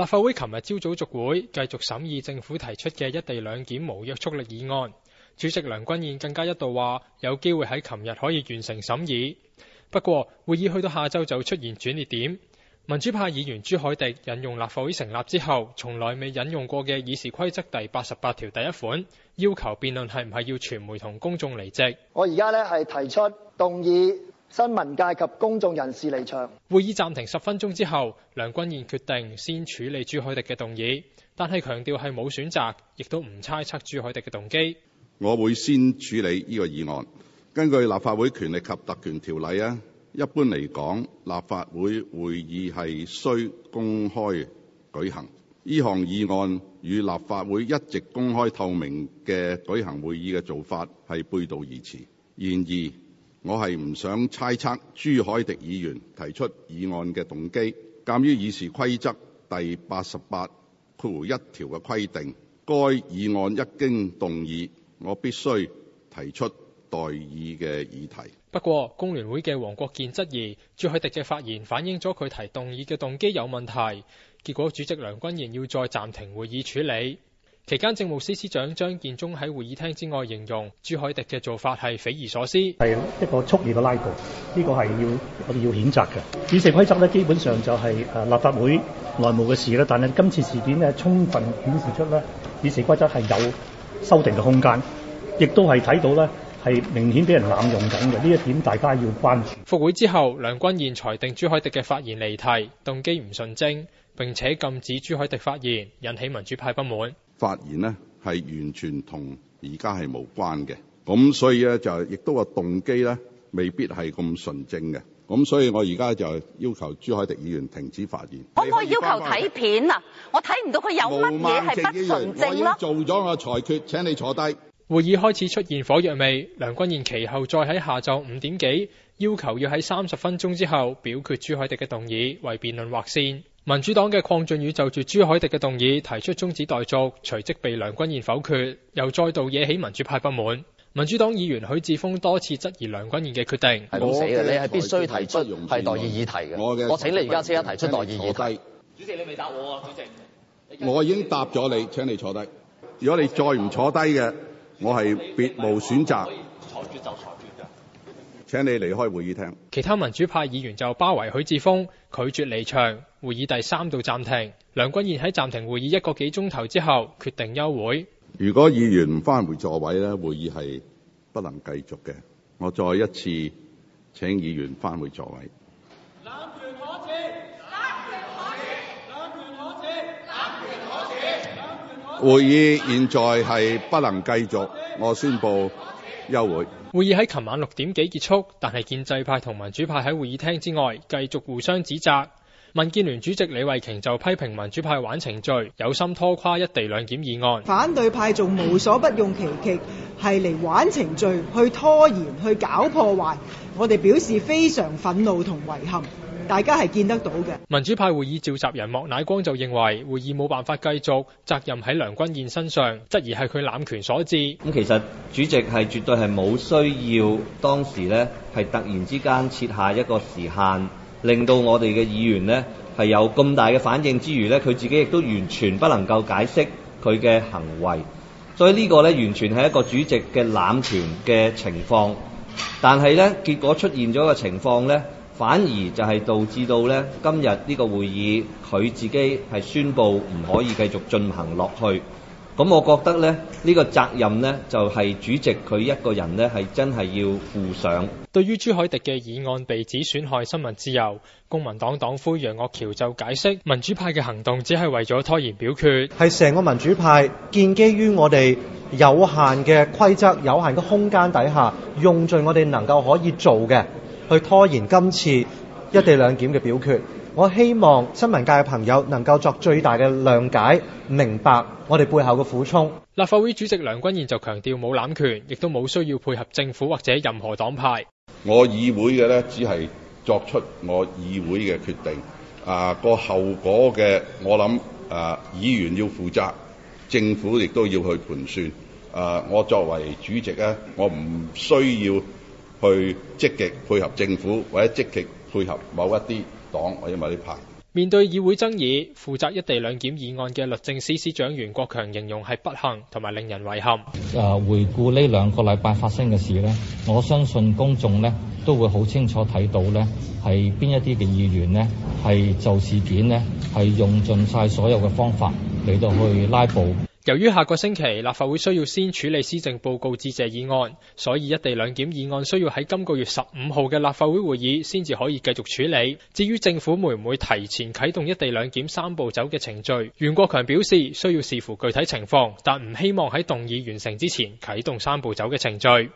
立法會琴日朝早續會，繼續審議政府提出嘅一地兩檢無約束力議案。主席梁君彥更加一度話，有機會喺琴日可以完成審議。不過會議去到下晝就出現轉捩點。民主派議員朱凱廸引用立法會成立之後從來未引用過嘅議事規則第八十八條第一款，要求辯論係唔係要傳媒同公眾離席。我而家呢，係提出動議。新聞界及公眾人士離場。會議暫停十分鐘之後，梁君彥決定先處理朱凱廸嘅動議，但係強調係冇選擇，亦都唔猜測朱凱廸嘅動機。我會先處理呢個議案。根據《立法會權力及特權條例》啊，一般嚟講，立法會會議係須公開舉行。呢項議案與立法會一直公開透明嘅舉行會議嘅做法係背道而馳。然而，我係唔想猜測朱凱廸議員提出議案嘅動機。鑑於議事規則第八十八括弧一條嘅規定，該議案一經動議，我必須提出待議嘅議題。不過，工聯會嘅黃國健質疑朱凱廸嘅發言反映咗佢提動議嘅動機有問題，結果主席梁君彥要再暫停會議處理。期間，政務司司長張建宗喺會議廳之外形容朱凱廸嘅做法係匪夷所思，係一個蓄意嘅拉布，呢、這個係要我哋要譴責嘅議事規則咧。基本上就係立法會內務嘅事，但係今次事件充分顯示出咧議事規則係有修訂嘅空間，亦都係睇到咧係明顯俾人濫用緊嘅呢一點，大家要關注。復會之後，梁君彥裁定朱凱廸嘅發言離題、動機唔純正，並且禁止朱凱廸發言，引起民主派不滿。發言呢，係完全同而家係無關嘅，咁所以咧就亦都話動機咧未必係咁純正嘅，咁所以我而家就要求朱凱廸議員停止發言。可唔可以要求睇片啊？我睇唔到佢有乜嘢係不純正咯。做咗我裁決，請你坐低。會議開始出現火藥味，梁君彥其後再喺下晝五點幾要求要喺三十分鐘之後表決朱凱廸嘅動議，為辯論劃線。民主黨嘅鄺俊宇就住朱凱廸嘅動議提出終止待續，隨即被梁君彥否決，又再度惹起民主派不滿。民主黨議員許智峯多次質疑梁君彥嘅決定係冇嘅，你係必須提出係代議議題嘅。我請你而家即刻提出代議議題。主席你未答我啊，主席。我已經答咗你，請你坐低。如果你再唔坐低嘅，我係別無選擇。請你離開會議廳。其他民主派議員就包圍許智峯，拒絕離場。會議第三度暫停。梁君彥喺暫停會議一個幾鐘頭之後，決定休會。如果議員唔返回座位咧，會議係不能繼續嘅。我再一次請議員返回，回座位。冷冷冷冷會議現在係不能繼續，我宣布。休會。會議喺琴晚六點幾結束，但係建制派同民主派喺會議廳之外繼續互相指責。民建聯主席李慧瓊就批評民主派玩程序，有心拖垮一地兩檢議案。反對派仲無所不用其極，係嚟玩程序，去拖延，去搞破壞。我哋表示非常憤怒同遺憾。大家係見得到嘅。民主派會議召集人莫乃光就認為，會議冇辦法繼續，責任喺梁君彥身上，質疑係佢濫權所致。咁其實主席係絕對係冇需要當時呢，係突然之間設下一個時限，令到我哋嘅議員呢，係有咁大嘅反應之餘呢，佢自己亦都完全不能夠解釋佢嘅行為。所以呢個呢完全係一個主席嘅濫權嘅情況。但係呢，結果出現咗一個情況呢。反而就係導致到呢，今日呢個會議佢自己係宣布唔可以繼續進行落去。咁我覺得呢，呢、呢個責任呢，就係、係、主席佢一個人呢，係真係要負上。對於朱凱廸嘅議案被指損害新聞自由，公民黨黨魁楊岳橋就解釋：民主派嘅行動只係為咗拖延表決，係成個民主派建基於我哋有限嘅規則、有限嘅空間底下，用盡我哋能夠可以做嘅。去拖延今次一地兩檢嘅表決，我希望新聞界嘅朋友能夠作最大嘅諒解，明白我哋背後嘅苦衷。立法會主席梁君彥就強調冇攬權，亦都冇需要配合政府或者任何黨派。我議會嘅呢，只係作出我議會嘅決定。啊，個後果嘅我諗啊，議員要負責，政府亦都要去盤算。啊，我作為主席咧，我唔需要。去積極配合政府，或者積極配合某一啲黨，或者某一啲派。面對議會爭議，負責一地兩檢議案嘅律政司司長袁國強形容係不幸同埋令人遺憾。誒，回顧呢兩個禮拜發生嘅事呢，我相信公眾呢都會好清楚睇到呢係邊一啲嘅議員呢係就事件呢係用盡晒所有嘅方法嚟到去拉布。由於下個星期立法會需要先處理施政報告致謝議案，所以一地兩檢議案需要喺今個月十五號嘅立法會會議先至可以繼續處理。至於政府會唔會提前啟動一地兩檢三步走嘅程序，袁國強表示需要視乎具體情況，但唔希望喺動議完成之前啟動三步走嘅程序。